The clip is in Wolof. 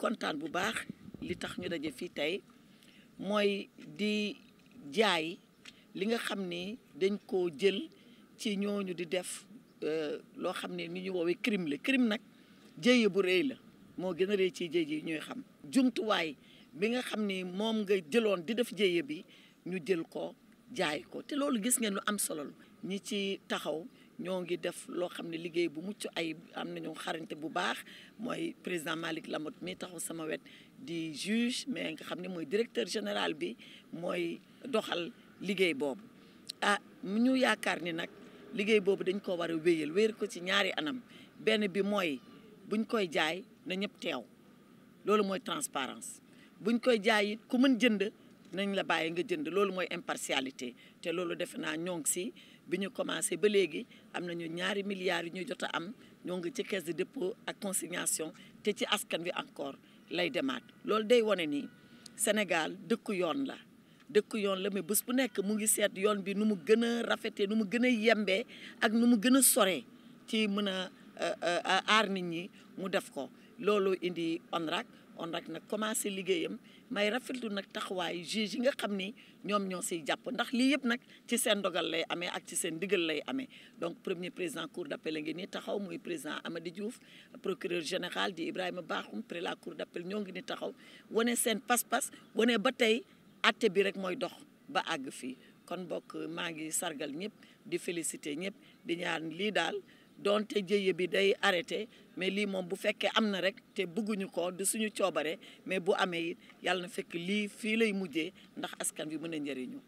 kontaan bu baax li tax ñu daje fii tey mooy di jaay li nga xam ni dañ koo jël ci ñooñu di def euh, loo xam ne ni ñu woowee crime la crime nag jéye bu rëy la moo gën a rëy ci jéye yi xam jumtuwaay bi nga xam ni moom nga jëloon di def jéye bi ñu jël ko jaay ko te loolu gis ngeen lu am solo ñi ci taxaw ñoo ngi def loo xam ne liggéey bu mucc ay am nañu xarañte bu baax mooy président Malick Lamotte mi taxaw sama wet di juge mais nga xam ne mooy directeur général bi mooy doxal liggéey boobu ah ñu yaakaar ni nag liggéey boobu dañ ko war a wéyal wéer ko ci ñaari anam benn bi mooy buñ koy jaay na ñëpp teew loolu mooy transparence buñ koy jaay it ku mën jënd nañ la bàyyi nga jënd loolu mooy impartialité te loolu defe naa ñoo si bi ñu commencé ba léegi am nañu ñaari milliards yu ñu jot a am ñoo ngi ci caisse de dépôt ak consignation te ci askan wi encore lay demaat. loolu day wane nii Sénégal dëkku yoon la dëkku yoon la mais bés bu nekk mu ngi seet yoon bi nu mu gën a rafetee nu mu gën a yembee ak nu mu gën a soree ci mën a euh, euh, aar nit ñi mu def ko. looloo indi ONRAC ONRAC nag commencé liggéeyam may rafetlu nag taxawaayu juge yi nga xam ni ñoom ñoo siy jàpp ndax lii yëpp nag ci seen dogal lay amee ak ci seen digal lay amee donc premier président cour d'appel a ngi ni taxaw muy président Amady Diouf procureur général di Ibrahima baaxum près la cour d'appel ñoo ngi ni taxaw wane seen pas-pas wane ba tey atte bi rek mooy dox ba àgg fii kon bokk maa ngi sargal ñëpp di féliciter ñëpp di ñaan lii daal donte jéye bi day arrêté mais lii moom bu fekkee am na rek te bëgguñu ko du suñu coobare mais bu amee it yàlla na fekk lii fii lay mujjee ndax askan bi mën a njëriñu